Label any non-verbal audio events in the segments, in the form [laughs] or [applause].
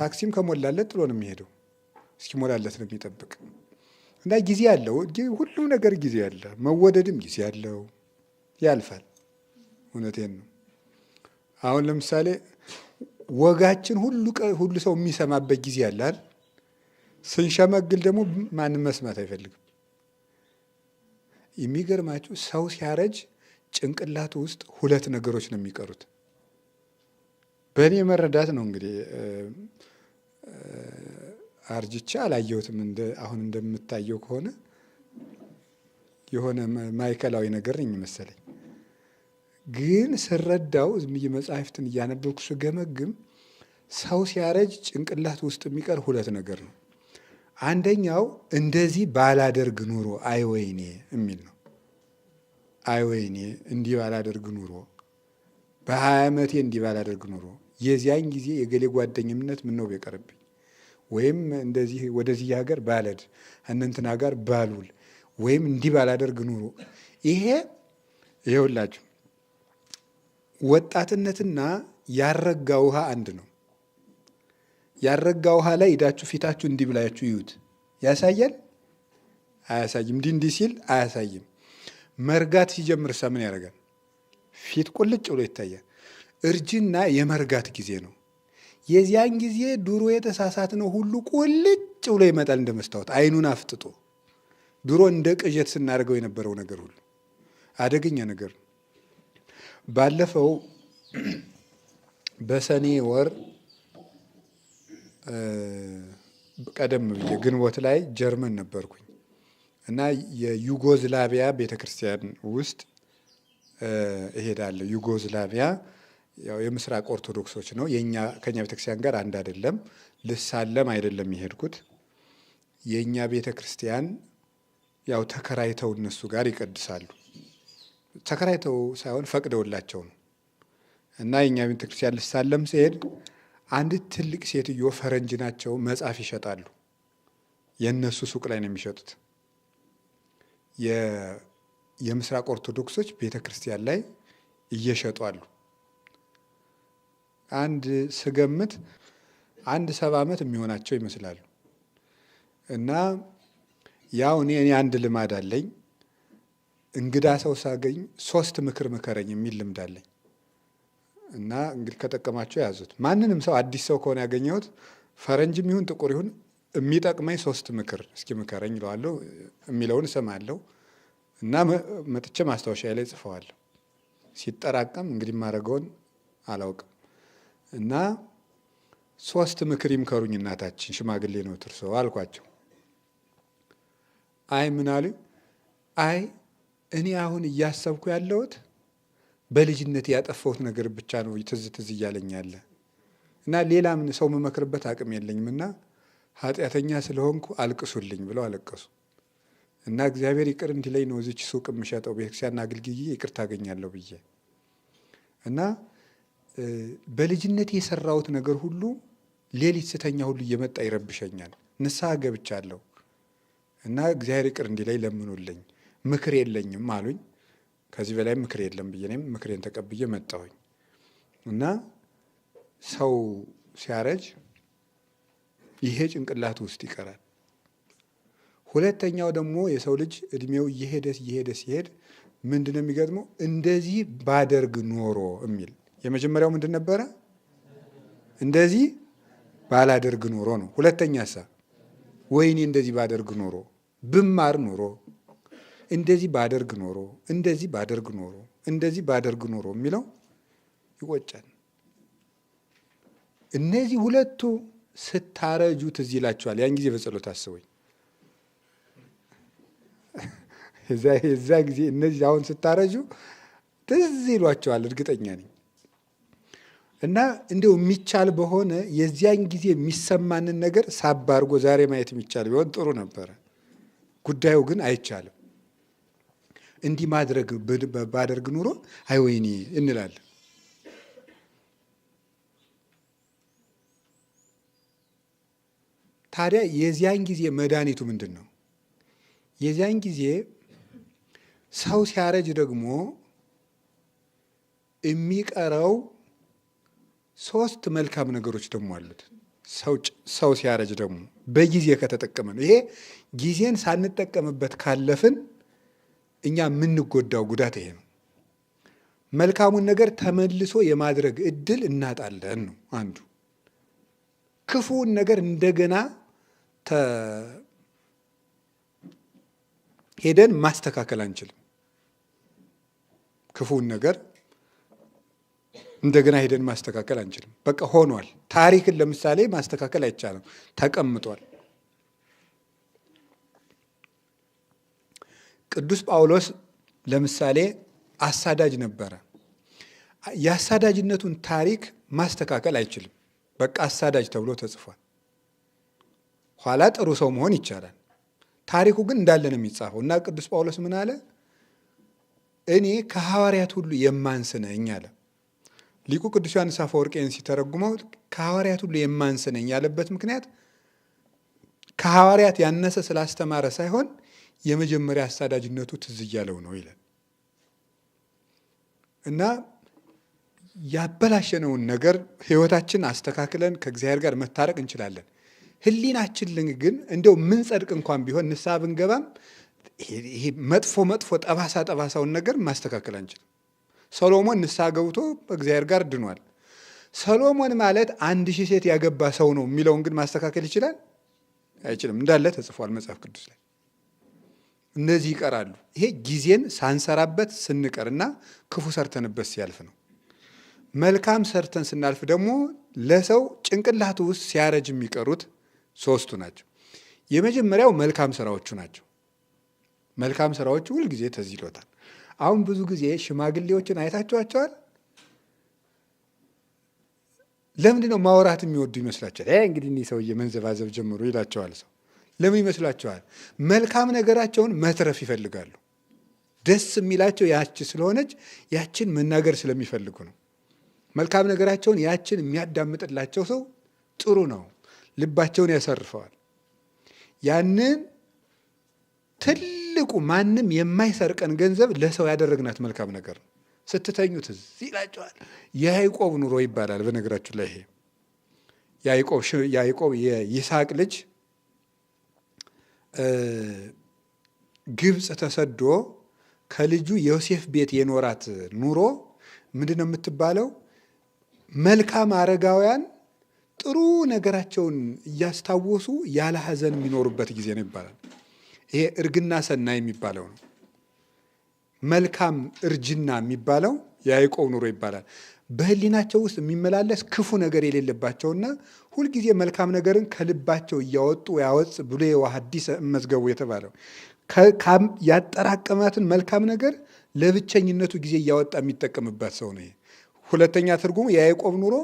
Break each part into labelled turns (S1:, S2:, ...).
S1: ታክሲም ከሞላለት ጥሎ ነው የሚሄደው። እስኪሞላለት ነው የሚጠብቅ እና ጊዜ አለው። ሁሉም ነገር ጊዜ አለ። መወደድም ጊዜ አለው። ያልፋል። እውነቴን ነው። አሁን ለምሳሌ ወጋችን ሁሉ ሰው የሚሰማበት ጊዜ አላል። ስንሸመግል ደግሞ ማንም መስማት አይፈልግም። የሚገርማችሁ ሰው ሲያረጅ ጭንቅላቱ ውስጥ ሁለት ነገሮች ነው የሚቀሩት። በእኔ መረዳት ነው እንግዲህ አርጅቼ አላየሁትም። አሁን እንደምታየው ከሆነ የሆነ ማይከላዊ ነገር ነኝ መሰለኝ። ግን ስረዳው ዝም ብዬ መጽሐፍትን እያነበብኩ ስገመግም ሰው ሲያረጅ ጭንቅላት ውስጥ የሚቀር ሁለት ነገር ነው። አንደኛው እንደዚህ ባላደርግ ኑሮ አይወይኔ የሚል ነው። አይወይኔ እንዲህ ባላደርግ ኑሮ፣ በሀያ ዓመቴ እንዲህ ባላደርግ ኑሮ፣ የዚያን ጊዜ የገሌ ጓደኝነት ምነው ቢቀርብኝ ወይም እንደዚህ ወደዚህ ሀገር ባለድ እነንትና ጋር ባሉል ወይም እንዲህ ባላደርግ ኑሮ ይሄ ይሄውላችሁ ወጣትነትና ያረጋ ውሃ አንድ ነው። ያረጋ ውሃ ላይ ሂዳችሁ ፊታችሁ እንዲህ ብላችሁ ይዩት። ያሳያል? አያሳይም። እንዲህ እንዲህ ሲል አያሳይም። መርጋት ሲጀምር እሳ ምን ያደርጋል? ፊት ቁልጭ ብሎ ይታያል። እርጅና የመርጋት ጊዜ ነው። የዚያን ጊዜ ድሮ የተሳሳትነው ሁሉ ቁልጭ ብሎ ይመጣል እንደ መስታወት አይኑን አፍጥጦ። ድሮ እንደ ቅዠት ስናደርገው የነበረው ነገር ሁሉ አደገኛ ነገር ባለፈው በሰኔ ወር ቀደም ብዬ ግንቦት ላይ ጀርመን ነበርኩኝ እና የዩጎዝላቪያ ቤተክርስቲያን ውስጥ እሄዳለሁ ዩጎዝላቪያ ያው የምስራቅ ኦርቶዶክሶች ነው። የኛ ከኛ ቤተክርስቲያን ጋር አንድ አይደለም። ልሳለም አይደለም የሄድኩት። የእኛ ቤተ ክርስቲያን ያው ተከራይተው እነሱ ጋር ይቀድሳሉ። ተከራይተው ሳይሆን ፈቅደውላቸው ነው። እና የእኛ ቤተ ክርስቲያን ልሳለም ሲሄድ አንድ ትልቅ ሴትዮ ፈረንጅ ናቸው፣ መጽሐፍ ይሸጣሉ። የእነሱ ሱቅ ላይ ነው የሚሸጡት። የምስራቅ ኦርቶዶክሶች ቤተ ክርስቲያን ላይ እየሸጡ አሉ። አንድ ስገምት አንድ ሰባ ዓመት የሚሆናቸው ይመስላሉ። እና ያው እኔ እኔ አንድ ልማድ አለኝ እንግዳ ሰው ሳገኝ ሶስት ምክር ምከረኝ የሚል ልምድ አለኝ። እና እንግዲህ ከጠቀማቸው የያዙት ማንንም ሰው አዲስ ሰው ከሆነ ያገኘሁት ፈረንጅም ይሁን ጥቁር ይሁን የሚጠቅመኝ ሶስት ምክር እስኪ ምከረኝ ይለዋለሁ። የሚለውን እሰማለሁ እና መጥቼ ማስታወሻ ላይ ጽፈዋለሁ። ሲጠራቀም እንግዲህ ማድረገውን አላውቅም። እና ሶስት ምክር ይምከሩኝ እናታችን ሽማግሌ ነው ትርሶ አልኳቸው። አይ ምን አሉ? አይ እኔ አሁን እያሰብኩ ያለሁት በልጅነት ያጠፋሁት ነገር ብቻ ነው ትዝ ትዝ እያለኝ ያለ እና ሌላ ምን ሰው መመክርበት አቅም የለኝም እና ኃጢአተኛ ስለሆንኩ አልቅሱልኝ ብለው አለቀሱ። እና እግዚአብሔር ይቅር እንዲለኝ ነው እዚች ሱቅ የምሸጠው ቤተክርስቲያን አገልግዬ ይቅር ታገኛለሁ ብዬ እና በልጅነት የሰራሁት ነገር ሁሉ ሌሊት ስተኛ ሁሉ እየመጣ ይረብሸኛል። ንስሐ ገብቻለሁ እና እግዚአብሔር ይቅር እንዲለኝ ለምኑልኝ፣ ምክር የለኝም አሉኝ። ከዚህ በላይ ምክር የለም ብዬ እኔም ምክሬን ተቀብዬ መጣሁኝ እና ሰው ሲያረጅ ይሄ ጭንቅላት ውስጥ ይቀራል። ሁለተኛው ደግሞ የሰው ልጅ እድሜው እየሄደ እየሄደ ሲሄድ ምንድነው የሚገጥመው? እንደዚህ ባደርግ ኖሮ የሚል የመጀመሪያው ምንድን ነበረ? እንደዚህ ባላደርግ ኖሮ ነው። ሁለተኛ ሳ ወይኔ እንደዚህ ባደርግ ኖሮ፣ ብማር ኖሮ፣ እንደዚህ ባደርግ ኖሮ፣ እንደዚህ ባደርግ ኖሮ፣ እንደዚህ ባደርግ ኖሮ የሚለው ይቆጫል። እነዚህ ሁለቱ ስታረጁ ትዝ ይላችኋል። ያን ጊዜ በጸሎት አስበኝ። [laughs] የዛ ጊዜ እነዚህ አሁን ስታረጁ ትዝ ይሏቸዋል፣ እርግጠኛ ነኝ። እና እንዲው የሚቻል በሆነ የዚያን ጊዜ የሚሰማንን ነገር ሳብ አድርጎ ዛሬ ማየት የሚቻል ቢሆን ጥሩ ነበረ። ጉዳዩ ግን አይቻልም። እንዲህ ማድረግ ባደርግ ኑሮ አይ ወይኔ እንላለን። ታዲያ የዚያን ጊዜ መድኃኒቱ ምንድን ነው? የዚያን ጊዜ ሰው ሲያረጅ ደግሞ የሚቀረው ሶስት መልካም ነገሮች ደግሞ አሉት። ሰው ሲያረጅ ደግሞ በጊዜ ነው። ይሄ ጊዜን ሳንጠቀምበት ካለፍን እኛ የምንጎዳው ጉዳት ይሄ ነው። መልካሙን ነገር ተመልሶ የማድረግ እድል እናጣለን ነው አንዱ። ክፉውን ነገር እንደገና ሄደን ማስተካከል አንችልም። ክፉውን ነገር እንደገና ሄደን ማስተካከል አንችልም። በቃ ሆኗል። ታሪክን ለምሳሌ ማስተካከል አይቻልም፣ ተቀምጧል። ቅዱስ ጳውሎስ ለምሳሌ አሳዳጅ ነበረ። የአሳዳጅነቱን ታሪክ ማስተካከል አይችልም። በቃ አሳዳጅ ተብሎ ተጽፏል። ኋላ ጥሩ ሰው መሆን ይቻላል። ታሪኩ ግን እንዳለ ነው የሚጻፈው እና ቅዱስ ጳውሎስ ምን አለ? እኔ ከሐዋርያት ሁሉ የማንስ ነኝ አለ። ሊቁ ቅዱስ ዮሐንስ አፈወርቄን ሲተረጉመው ከሐዋርያት ሁሉ የማንስ ነኝ ያለበት ምክንያት ከሐዋርያት ያነሰ ስላስተማረ ሳይሆን የመጀመሪያ አሳዳጅነቱ ትዝ እያለው ነው ይላል እና ያበላሸነውን ነገር ህይወታችን አስተካክለን ከእግዚአብሔር ጋር መታረቅ እንችላለን። ሕሊናችን ግን እንደው ምን ጸድቅ እንኳን ቢሆን ንስሐ ብንገባም ይሄ መጥፎ መጥፎ ጠባሳ ጠባሳውን ነገር ማስተካከል አንችልም። ሰሎሞን ንስሐ ገብቶ እግዚአብሔር ጋር ድኗል። ሰሎሞን ማለት አንድ ሺህ ሴት ያገባ ሰው ነው የሚለውን ግን ማስተካከል ይችላል አይችልም? እንዳለ ተጽፏል መጽሐፍ ቅዱስ ላይ። እነዚህ ይቀራሉ። ይሄ ጊዜን ሳንሰራበት ስንቀርና ክፉ ሰርተንበት ሲያልፍ ነው። መልካም ሰርተን ስናልፍ ደግሞ ለሰው ጭንቅላቱ ውስጥ ሲያረጅ የሚቀሩት ሶስቱ ናቸው። የመጀመሪያው መልካም ስራዎቹ ናቸው። መልካም ስራዎቹ ሁልጊዜ ተዚሎታል። አሁን ብዙ ጊዜ ሽማግሌዎችን አይታችኋቸዋል። ለምንድን ነው ማውራት የሚወዱ ይመስላቸዋል? እንግዲህ እኒህ ሰውዬ መንዘባዘብ ጀምሩ ይላቸዋል ሰው። ለምን ይመስላቸዋል? መልካም ነገራቸውን መትረፍ ይፈልጋሉ። ደስ የሚላቸው ያቺ ስለሆነች ያችን መናገር ስለሚፈልጉ ነው። መልካም ነገራቸውን ያችን የሚያዳምጥላቸው ሰው ጥሩ ነው፣ ልባቸውን ያሰርፈዋል። ያንን ትል ትልቁ ማንም የማይሰርቀን ገንዘብ ለሰው ያደረግናት መልካም ነገር ነው። ስትተኙት እዚህ ይላቸዋል። የያይቆብ ኑሮ ይባላል። በነገራችሁ ላይ ይሄ ያይቆብ የይስሐቅ ልጅ ግብፅ ተሰዶ ከልጁ ዮሴፍ ቤት የኖራት ኑሮ ምንድን ነው የምትባለው? መልካም አረጋውያን ጥሩ ነገራቸውን እያስታወሱ ያለ ሀዘን የሚኖሩበት ጊዜ ነው ይባላል። ይሄ እርግና ሰና የሚባለው ነው። መልካም እርጅና የሚባለው የያዕቆብ ኑሮ ይባላል። በህሊናቸው ውስጥ የሚመላለስ ክፉ ነገር የሌለባቸውና ሁልጊዜ መልካም ነገርን ከልባቸው እያወጡ ያወፅ ብሎ ሐዲስ መዝገቡ የተባለው ያጠራቀማትን መልካም ነገር ለብቸኝነቱ ጊዜ እያወጣ የሚጠቀምበት ሰው ነው። ሁለተኛ ትርጉሙ የያዕቆብ ኑሮ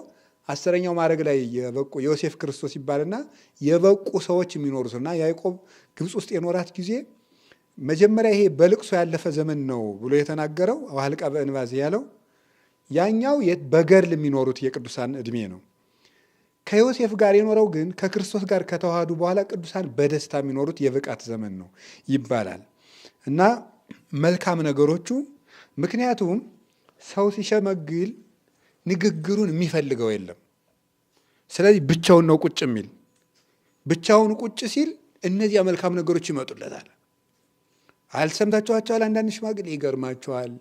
S1: አስረኛው ማድረግ ላይ የበቁ ዮሴፍ ክርስቶስ ይባልና የበቁ ሰዎች የሚኖሩት እና ያዕቆብ ግብፅ ውስጥ የኖራት ጊዜ መጀመሪያ ይሄ በልቅሶ ያለፈ ዘመን ነው ብሎ የተናገረው ዋህልቃ በእንባዝ ያለው ያኛው በገድል የሚኖሩት የቅዱሳን እድሜ ነው። ከዮሴፍ ጋር የኖረው ግን ከክርስቶስ ጋር ከተዋሃዱ በኋላ ቅዱሳን በደስታ የሚኖሩት የብቃት ዘመን ነው ይባላል እና መልካም ነገሮቹ ምክንያቱም ሰው ሲሸመግል ንግግሩን የሚፈልገው የለም። ስለዚህ ብቻውን ነው ቁጭ የሚል። ብቻውን ቁጭ ሲል እነዚያ መልካም ነገሮች ይመጡለታል። አልሰምታችኋቸዋል? አንዳንድ ሽማግሌ ይገርማቸዋል።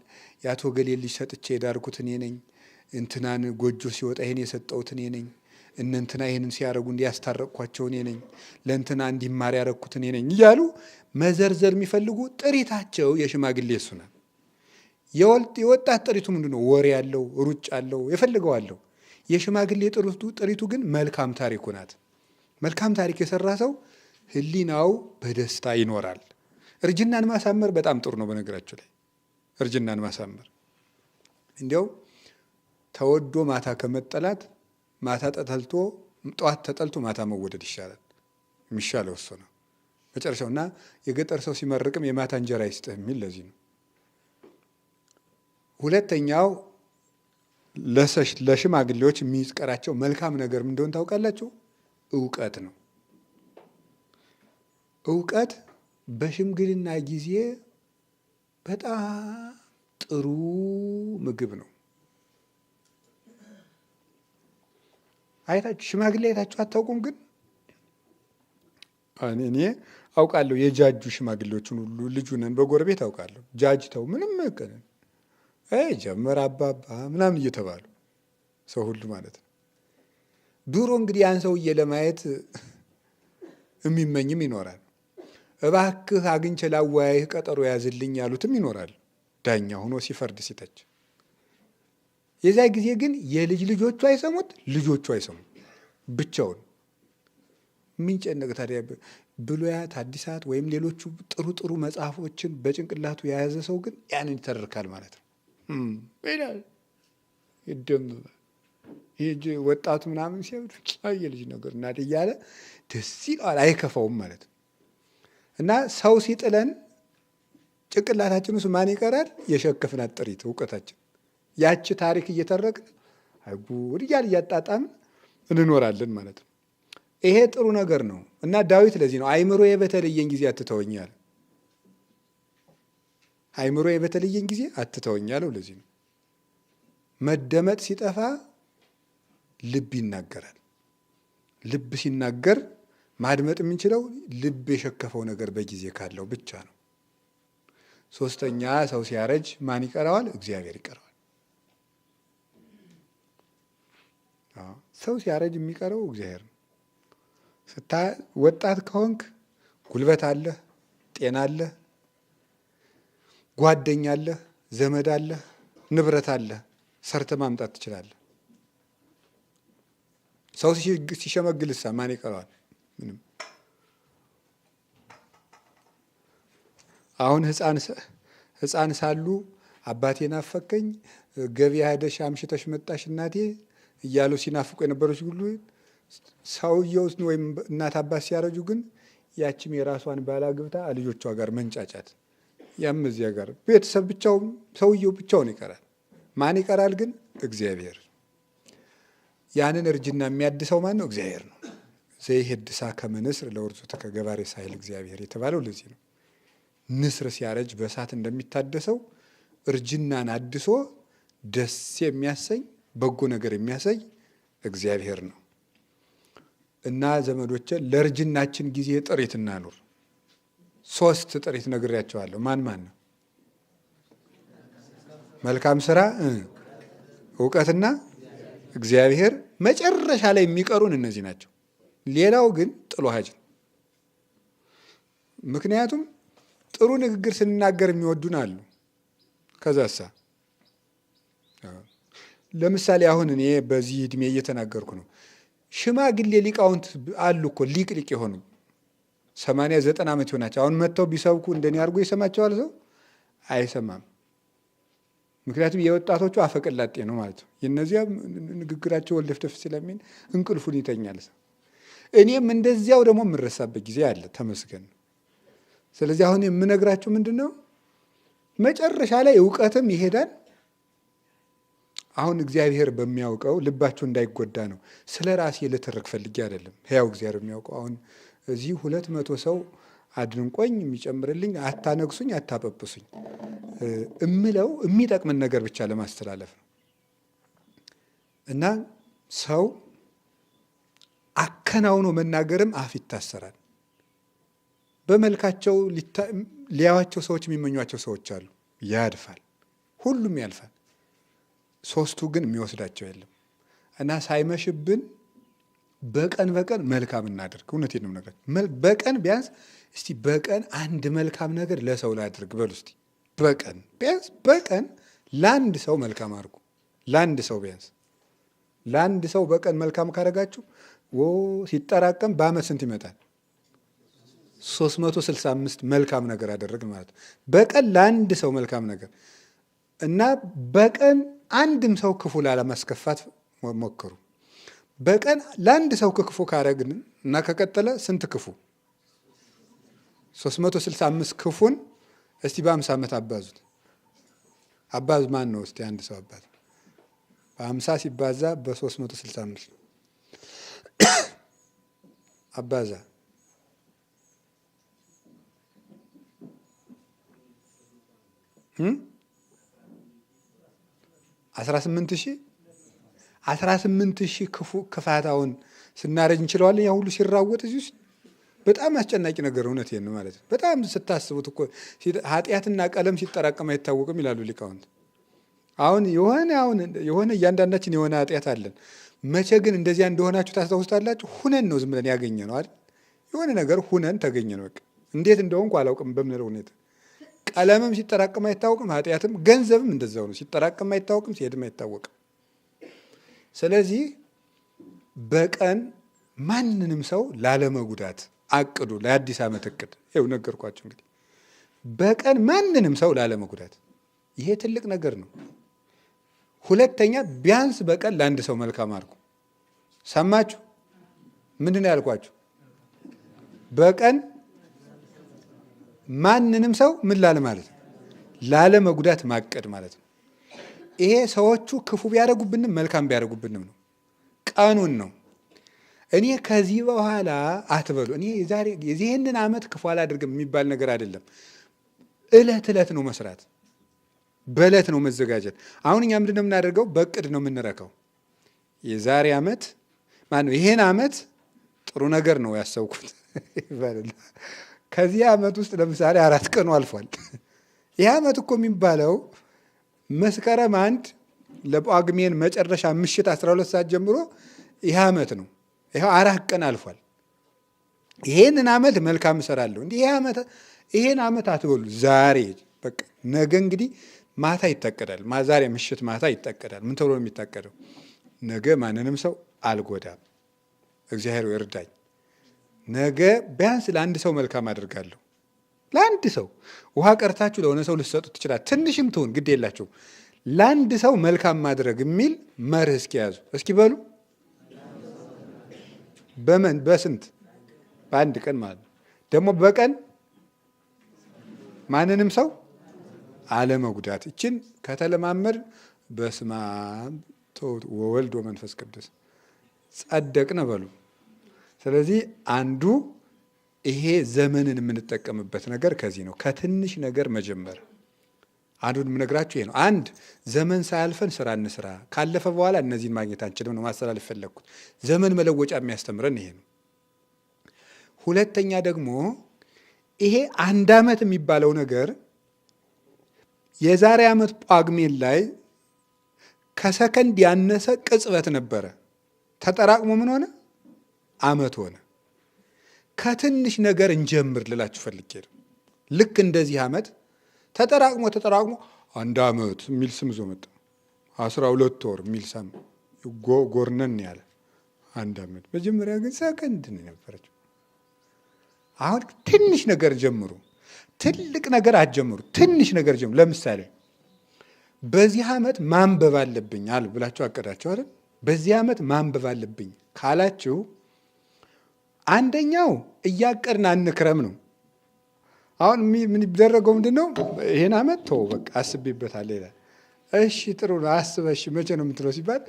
S1: የአቶ ገሌ ልጅ ሰጥቼ የዳርኩት እኔ ነኝ፣ እንትናን ጎጆ ሲወጣ ይህን የሰጠሁት እኔ ነኝ፣ እነ እንትና ይህንን ሲያደርጉ እንዲያስታረቅኳቸው እኔ ነኝ፣ ለእንትና እንዲማር ያረግኩት እኔ ነኝ እያሉ መዘርዘር የሚፈልጉ ጥሪታቸው የሽማግሌ እሱ ነው። የወጣት ጥሪቱ ምንድን ነው? ወሬ ያለው ሩጭ አለው የፈልገው አለው። የሽማግሌ ጥሪቱ ግን መልካም ታሪኩ ናት። መልካም ታሪክ የሰራ ሰው ህሊናው በደስታ ይኖራል። እርጅናን ማሳመር በጣም ጥሩ ነው። በነገራቸው ላይ እርጅናን ማሳመር እንዲያው ተወዶ ማታ ከመጠላት ማታ ተጠልቶ ጠዋት ተጠልቶ ማታ መወደድ ይሻላል። የሚሻለው እሱ ነው መጨረሻው እና የገጠር ሰው ሲመርቅም የማታ እንጀራ ይስጥህ የሚል ለዚህ ነው። ሁለተኛው ለሽማግሌዎች የሚቀራቸው መልካም ነገር ምን እንደሆነ ታውቃላችሁ? እውቀት ነው። እውቀት በሽምግልና ጊዜ በጣም ጥሩ ምግብ ነው። አይታችሁ ሽማግሌ አይታችሁ አታውቁም? ግን እኔ አውቃለሁ። የጃጁ ሽማግሌዎችን ሁሉ ልጁ ነን በጎረቤት አውቃለሁ። ጃጅተው ምንም ጀመር አባባ ምናምን እየተባሉ ሰው ሁሉ ማለት ነው። ዱሮ እንግዲህ ያን ሰውዬ ለማየት የሚመኝም ይኖራል። እባክህ አግኝቼ ላወያይህ ቀጠሮ ያዝልኝ ያሉትም ይኖራል። ዳኛ ሆኖ ሲፈርድ ሲተች፣ የዚያ ጊዜ ግን የልጅ ልጆቹ አይሰሙት፣ ልጆቹ አይሰሙት፣ ብቻውን ምንጨነቅ ታዲያ። ብሉያት አዲሳት ወይም ሌሎቹ ጥሩ ጥሩ መጽሐፎችን በጭንቅላቱ የያዘ ሰው ግን ያንን ይተደርካል ማለት ነው። ይላል ይደምባል። ይህ ወጣቱ ምናምን ሲያምር ልጅ ነገር እና እያለ ደስ ይለዋል፣ አይከፋውም ማለት ነው። እና ሰው ሲጥለን ጭንቅላታችን ውስጥ ማን ይቀራል? የሸከፍናት ጥሪት እውቀታችን ያቺ ታሪክ እየተረክን አይጉድ እያል እያጣጣምን እንኖራለን ማለት ነው። ይሄ ጥሩ ነገር ነው እና ዳዊት ለዚህ ነው አይምሮዬ በተለየኝ ጊዜ አትተወኛል አይምሮዬ በተለየኝ ጊዜ አትተወኝ አለው። ለዚህ ነው መደመጥ ሲጠፋ ልብ ይናገራል። ልብ ሲናገር ማድመጥ የምንችለው ልብ የሸከፈው ነገር በጊዜ ካለው ብቻ ነው። ሶስተኛ ሰው ሲያረጅ ማን ይቀረዋል? እግዚአብሔር ይቀረዋል። ሰው ሲያረጅ የሚቀረው እግዚአብሔር ነው። ወጣት ከሆንክ ጉልበት አለህ፣ ጤና አለህ ጓደኛ አለህ፣ ዘመድ አለህ፣ ንብረት አለህ፣ ሰርተ ማምጣት ትችላለህ። ሰው ሲሸመግልሳ ማን ይቀረዋል? ምንም። አሁን ህፃን ሳሉ አባቴ ናፈቀኝ፣ ገበያ ሄደሽ አምሽተሽ መጣሽ እናቴ እያሉ ሲናፍቁ የነበረች ሁሉ ሰውየው ወይም እናት አባት ሲያረጁ ግን ያችም የራሷን ባል አግብታ ልጆቿ ጋር መንጫጫት ያም እዚያ ጋር ቤተሰብ ብቻውን ሰውየው ብቻውን ይቀራል። ማን ይቀራል ግን? እግዚአብሔር። ያንን እርጅና የሚያድሰው ማን ነው? እግዚአብሔር ነው። ዘይሄድሳ ከመ ለወርዙትከ ገባሬ ሳይል እግዚአብሔር የተባለው ለዚህ ነው። ንስር ሲያረጅ በእሳት እንደሚታደሰው እርጅናን አድሶ ደስ የሚያሰኝ በጎ ነገር የሚያሳይ እግዚአብሔር ነው እና ዘመዶቼ ለእርጅናችን ጊዜ ጥሪት እናኑር። ሶስት ጥሪት ነግሬያቸዋለሁ። ማን ማን ነው? መልካም ስራ፣ እውቀትና እግዚአብሔር። መጨረሻ ላይ የሚቀሩን እነዚህ ናቸው። ሌላው ግን ጥሎ ሀጅ ነው። ምክንያቱም ጥሩ ንግግር ስንናገር የሚወዱን አሉ። ከዛሳ ለምሳሌ አሁን እኔ በዚህ እድሜ እየተናገርኩ ነው። ሽማግሌ ሊቃውንት አሉ እኮ ሊቅ ሊቅ የሆኑ ሰማንያ ዘጠና ዓመት ይሆናቸው አሁን መጥተው ቢሰብኩ እንደኔ አድርጎ ይሰማቸዋል ሰው አይሰማም። ምክንያቱም የወጣቶቹ አፈቀላጤ ነው ማለት ነው። የነዚያ ንግግራቸው ወልደፍደፍ ስለሚል እንቅልፉን ይተኛል ሰው። እኔም እንደዚያው ደግሞ የምረሳበት ጊዜ አለ፣ ተመስገን። ስለዚህ አሁን የምነግራቸው ምንድን ነው፣ መጨረሻ ላይ እውቀትም ይሄዳል። አሁን እግዚአብሔር በሚያውቀው ልባችሁ እንዳይጎዳ ነው። ስለ ራሴ ልተርክ ፈልጌ አይደለም፣ ሕያው እግዚአብሔር የሚያውቀው አሁን እዚህ ሁለት መቶ ሰው አድንቆኝ የሚጨምርልኝ አታነግሱኝ፣ አታበብሱኝ እምለው የሚጠቅምን ነገር ብቻ ለማስተላለፍ ነው እና ሰው አከናውኖ መናገርም አፍ ይታሰራል። በመልካቸው ሊያዋቸው ሰዎች የሚመኟቸው ሰዎች አሉ። ያድፋል፣ ሁሉም ያልፋል። ሶስቱ ግን የሚወስዳቸው የለም እና ሳይመሽብን በቀን በቀን መልካም እናደርግ። እውነቴን ነው ነገር በቀን ቢያንስ እስቲ በቀን አንድ መልካም ነገር ለሰው ላድርግ በሉ እስቲ በቀን ቢያንስ በቀን ለአንድ ሰው መልካም አድርጉ። ለአንድ ሰው ቢያንስ ለአንድ ሰው በቀን መልካም ካደረጋችሁ ወ ሲጠራቀም በአመት ስንት ይመጣል? 365 መልካም ነገር አደረግን ማለት ነው። በቀን ለአንድ ሰው መልካም ነገር እና በቀን አንድም ሰው ክፉ ላለማስከፋት ሞክሩ። በቀን ለአንድ ሰው ክፉ ካረግን እና ከቀጠለ ስንት ክፉ? 365 ክፉን እስቲ በ50 ዓመት አባዙት። አባዝ ማን ነው? እስቲ አንድ ሰው አባዝ በ50 ሲባዛ በ365 አባዛ አስራ ስምንት ሺህ አስራ ስምንት ሺህ ክፉ ክፋታውን ስናረጅ እንችለዋለን። ያ ሁሉ ሲራወጥ እዚህ ውስጥ በጣም አስጨናቂ ነገር እውነት ነው ማለት ነው። በጣም ስታስቡት እኮ ኃጢአትና ቀለም ሲጠራቀም አይታወቅም ይላሉ ሊቃውንት። አሁን የሆነ አሁን የሆነ እያንዳንዳችን የሆነ ኃጢአት አለን። መቼ ግን እንደዚያ እንደሆናችሁ ታስታውስታላችሁ? ሁነን ነው ዝም ብለን ያገኘ ነው አይደል? የሆነ ነገር ሁነን ተገኘ ነው በቃ። እንዴት እንደሆንኩ አላውቅም በምንለው ሁኔታ ቀለምም ሲጠራቅም አይታወቅም። ኃጢአትም ገንዘብም እንደዛው ነው። ሲጠራቅም አይታወቅም፣ ሲሄድም አይታወቅም። ስለዚህ በቀን ማንንም ሰው ላለመጉዳት አቅዱ። ለአዲስ ዓመት እቅድ ይኸው ነገርኳቸው። እንግዲህ በቀን ማንንም ሰው ላለመጉዳት ይሄ ትልቅ ነገር ነው። ሁለተኛ ቢያንስ በቀን ለአንድ ሰው መልካም አድርጉ። ሰማችሁ? ምንድን ነው ያልኳችሁ? በቀን ማንንም ሰው ምን ላለ ማለት ነው ላለመጉዳት ማቀድ ማለት ነው። ይሄ ሰዎቹ ክፉ ቢያደርጉብንም መልካም ቢያደርጉብንም ነው፣ ቀኑን ነው። እኔ ከዚህ በኋላ አትበሉ። እኔ ዛሬ የዚህንን ዓመት ክፉ አላደርግም የሚባል ነገር አይደለም። እለት እለት ነው መስራት፣ በእለት ነው መዘጋጀት። አሁን እኛ ምንድን ነው የምናደርገው? በእቅድ ነው የምንረከው። የዛሬ ዓመት ማነው ይህን ዓመት ጥሩ ነገር ነው ያሰብኩት ይባልና ከዚህ ዓመት ውስጥ ለምሳሌ አራት ቀኑ አልፏል። ይህ ዓመት እኮ የሚባለው መስከረም አንድ ለጳጉሜን መጨረሻ ምሽት 12 ሰዓት ጀምሮ ይህ ዓመት ነው። ይኸው አራት ቀን አልፏል። ይሄንን ዓመት መልካም እሰራለሁ እንዲህ ይሄን ዓመት አትበሉ። ዛሬ በቃ ነገ እንግዲህ ማታ ይታቀዳል። ዛሬ ምሽት ማታ ይጠቀዳል ምን ተብሎ ነው የሚታቀደው? ነገ ማንንም ሰው አልጎዳም፣ እግዚአብሔር ይርዳኝ፣ ነገ ቢያንስ ለአንድ ሰው መልካም አድርጋለሁ ለአንድ ሰው ውሃ ቀርታችሁ ለሆነ ሰው ልትሰጡት ትችላል። ትንሽም ትሁን ግድ የላችሁ። ለአንድ ሰው መልካም ማድረግ የሚል መርህ ያዙ እስኪ በሉ በምን በስንት በአንድ ቀን ማለት ነው። ደግሞ በቀን ማንንም ሰው አለመጉዳት። እችን ከተለማመድ በስመ አብ ወወልድ ወመንፈስ ቅዱስ ጸደቅነ በሉ። ስለዚህ አንዱ ይሄ ዘመንን የምንጠቀምበት ነገር ከዚህ ነው። ከትንሽ ነገር መጀመር። አንዱን የምነግራችሁ ይሄ ነው። አንድ ዘመን ሳያልፈን ስራ እንስራ። ካለፈ በኋላ እነዚህን ማግኘት አንችልም ነው ማስተላለፍ ፈለግኩት። ዘመን መለወጫ የሚያስተምረን ይሄ ነው። ሁለተኛ ደግሞ ይሄ አንድ ዓመት የሚባለው ነገር የዛሬ ዓመት ጳጉሜን ላይ ከሰከንድ ያነሰ ቅጽበት ነበረ። ተጠራቅሞ ምን ሆነ? ዓመት ሆነ። ከትንሽ ነገር እንጀምር ልላችሁ ፈልጌ ነው። ልክ እንደዚህ ዓመት ተጠራቅሞ ተጠራቅሞ አንድ ዓመት የሚል ስም ዞ መጣ። አስራ ሁለት ወር የሚል ሳም ጎርነን ያለ አንድ ዓመት። መጀመሪያ ግን ሰከንድ ነው የነበረችው። አሁን ትንሽ ነገር ጀምሩ፣ ትልቅ ነገር አትጀምሩ። ትንሽ ነገር ጀምሩ። ለምሳሌ በዚህ ዓመት ማንበብ አለብኝ አሉ ብላችሁ አቀዳችሁ አይደል? በዚህ ዓመት ማንበብ አለብኝ ካላችሁ አንደኛው እያቀድን አንክረም ነው። አሁን የሚደረገው ምንድን ነው? ይሄን አመት ተወው በቃ አስቤበታል። ይላል። እሺ ጥሩ ነው አስበሽ መቼ ነው የምትለው ሲባል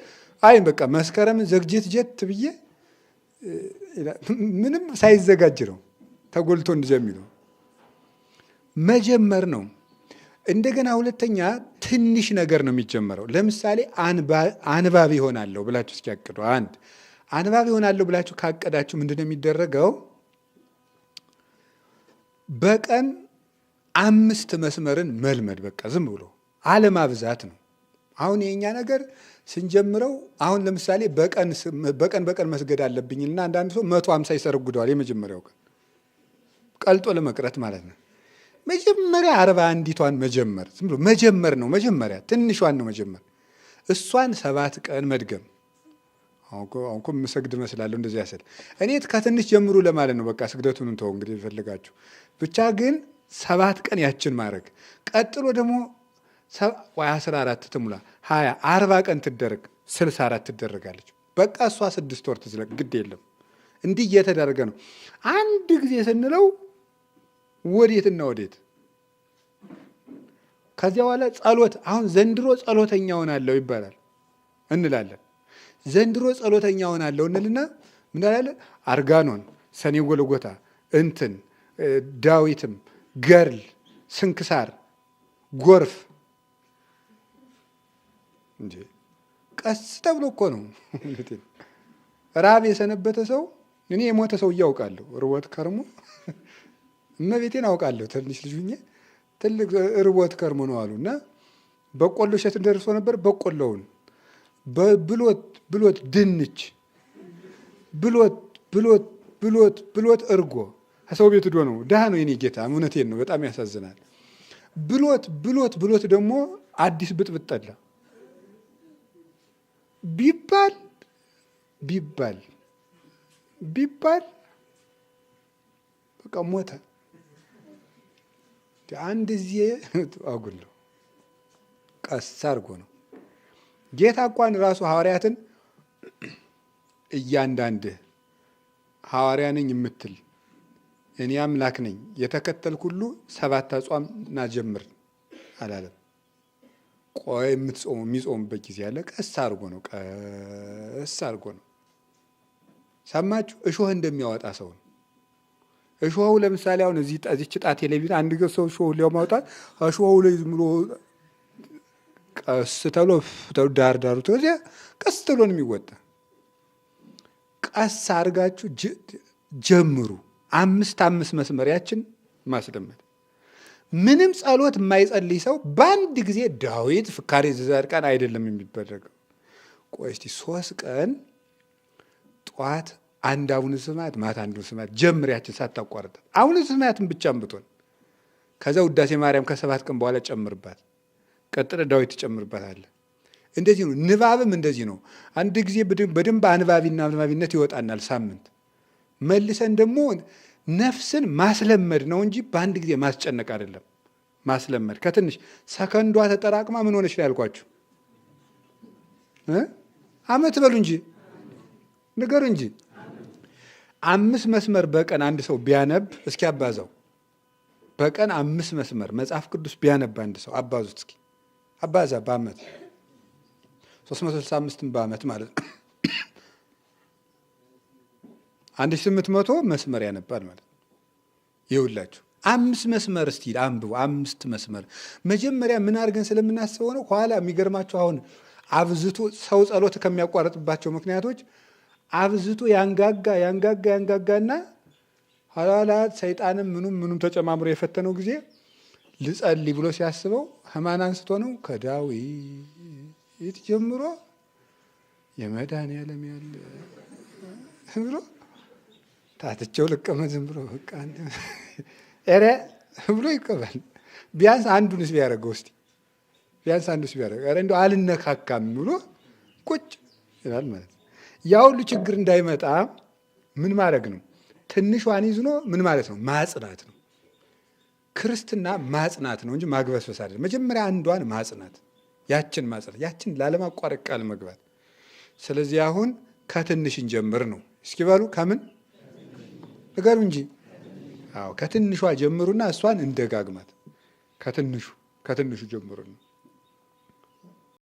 S1: አይ በቃ መስከረምን ዘግጄት ጀት ብዬ ምንም ሳይዘጋጅ ነው ተጎልቶ እንደዚያ የሚለው መጀመር ነው። እንደገና ሁለተኛ ትንሽ ነገር ነው የሚጀመረው። ለምሳሌ አንባቢ ይሆናለሁ ብላችሁ እስኪያቅዱ አንድ አንባቢ ይሆናለሁ ብላችሁ ካቀዳችሁ ምንድን ነው የሚደረገው? በቀን አምስት መስመርን መልመድ። በቃ ዝም ብሎ አለማብዛት ነው። አሁን የእኛ ነገር ስንጀምረው አሁን ለምሳሌ በቀን በቀን መስገድ አለብኝ እና አንዳንድ ሰው መቶ አምሳ ይሰረጉደዋል የመጀመሪያው ቀን ቀልጦ ለመቅረት ማለት ነው። መጀመሪያ አርባ አንዲቷን መጀመር ዝም ብሎ መጀመር ነው። መጀመሪያ ትንሿን ነው መጀመር። እሷን ሰባት ቀን መድገም አሁን እኮ የምሰግድ እመስላለሁ እንደዚህ ያሰል እኔ ከትንሽ ጀምሩ ለማለት ነው። በቃ ስግደቱን እንተው እንግዲህ ይፈልጋችሁ ብቻ ግን ሰባት ቀን ያችን ማድረግ ቀጥሎ ደግሞ አስራ አራት ትሙላ ሀያ አርባ ቀን ትደረግ ስልሳ አራት ትደረጋለች። በቃ እሷ ስድስት ወር ትዝለቅ ግድ የለም። እንዲህ እየተደረገ ነው። አንድ ጊዜ ስንለው ወዴትና ወዴት ከዚያ በኋላ ጸሎት አሁን ዘንድሮ ጸሎተኛ ሆናለሁ ይባላል እንላለን። ዘንድሮ ጸሎተኛ ሆናለሁ እንልና ምን ምናለ አርጋኖን፣ ሰኔ ጎልጎታ፣ እንትን ዳዊትም፣ ገርል፣ ስንክሳር፣ ጎርፍ እንጂ ቀስ ተብሎ እኮ ነው። ራብ የሰነበተ ሰው እኔ የሞተ ሰው እያውቃለሁ። ርቦት ከርሞ [laughs] እመቤቴን አውቃለሁ። ትንሽ ልጅ ሁኜ ትልቅ ርቦት ከርሞ ነው አሉ እና በቆሎ እሸት ደርሶ ነበር። በቆሎውን ብሎት ብሎት ድንች ብሎት ብሎት ብሎት ብሎት እርጎ ሰው ቤት ዶ ነው። ድሃ ነው የኔ ጌታ፣ እውነቴን ነው። በጣም ያሳዝናል። ብሎት ብሎት ብሎት ደግሞ አዲስ ብጥብጥ ጠላ ቢባል ቢባል ቢባል በቃ ሞተ። አንድ ጊዜ አጉል ነው። ቀስ ነው ጌታ እንኳን ራሱ ሐዋርያትን እያንዳንድህ ሐዋርያ ነኝ የምትል እኔ አምላክ ነኝ የተከተልኩ ሁሉ ሰባት አጽዋም ናጀምር አላለም። ቆይ የምትጾሙ የሚጾሙበት ጊዜ አለ። ቀስ አድርጎ ነው፣ ቀስ አድርጎ ነው። ሰማችሁ? እሾህ እንደሚያወጣ ሰው ነው። እሾሁ ለምሳሌ አሁን እዚህ ጣት ላይ አንድ ሰው እሾሁ ሊያው ማውጣት እሾሁ ላይ ዝም ብሎ ቀስ ተብሎ ዳር ዳሩ ትወዲያ ቀስ ተብሎ ነው የሚወጣ። ቀስ አድርጋችሁ ጀምሩ። አምስት አምስት መስመሪያችን ማስደመጥ ምንም ጸሎት የማይጸልይ ሰው በአንድ ጊዜ ዳዊት ፍካሬ ቀን አይደለም የሚደረገው። ቆይ እስቲ ሶስት ቀን ጠዋት አንድ አቡነ ስብሐት ማታ አንዱ ስብሐት ጀምሪያችን ሳታቋርጣት አቡነ ስብሐትን ብቻም ብትሆን ከዛ ውዳሴ ማርያም ከሰባት ቀን በኋላ ጨምርባት። ቀጥለ ዳዊት ትጨምርበታለ። እንደዚህ ነው። ንባብም እንደዚህ ነው። አንድ ጊዜ በደንብ አንባቢና አንባቢነት ይወጣናል ሳምንት። መልሰን ደግሞ ነፍስን ማስለመድ ነው እንጂ በአንድ ጊዜ ማስጨነቅ አይደለም። ማስለመድ ከትንሽ ሰከንዷ ተጠራቅማ ምን ሆነች ነው ያልኳችሁ አመት በሉ እንጂ ንገሩ እንጂ አምስት መስመር በቀን አንድ ሰው ቢያነብ እስኪ አባዛው። በቀን አምስት መስመር መጽሐፍ ቅዱስ ቢያነብ አንድ ሰው አባዙት እስኪ አባዛ በአመት 365ን በአመት ማለት ነው። አንድ ሺህ ስምንት መቶ መስመር ያነባል ማለት ነው። ይኸውላችሁ አምስት መስመር እስቲ አንብቡ። አምስት መስመር መጀመሪያ ምን አድርገን ስለምናስበው ነው። ኋላ የሚገርማችሁ አሁን አብዝቶ ሰው ጸሎት ከሚያቋርጥባቸው ምክንያቶች አብዝቶ ያንጋጋ ያንጋጋ ያንጋጋና ኋላ ሰይጣንም ምኑም ምኑም ተጨማምሮ የፈተነው ጊዜ ልጸልይ ብሎ ሲያስበው ህማን አንስቶ ነው ከዳዊት ጀምሮ የመድኃኔዓለም ያለ ብሎ ታትቸው ልቀመጥ ዝም ብሎ በቃ ኧረ ብሎ ይቀበል። ቢያንስ አንዱንስ ቢያደርገው እስቲ ቢያንስ አንዱስ ቢያደርገው ኧረ እንደው አልነካካም ብሎ ቁጭ ይላል ማለት ነው። ያ ሁሉ ችግር እንዳይመጣ ምን ማድረግ ነው? ትንሿን ይዝኖ ምን ማለት ነው? ማጽናት ነው። ክርስትና ማጽናት ነው እንጂ ማግበስበስ አይደለም። መጀመሪያ አንዷን ማጽናት፣ ያችን ማጽናት፣ ያችን ላለማቋረጥ ቃል መግባት። ስለዚህ አሁን ከትንሽ እንጀምር ነው። እስኪ በሉ ከምን ንገሩ እንጂ። አዎ ከትንሿ ጀምሩና እሷን እንደጋግማት። ከትንሹ ከትንሹ ጀምሩ ነው።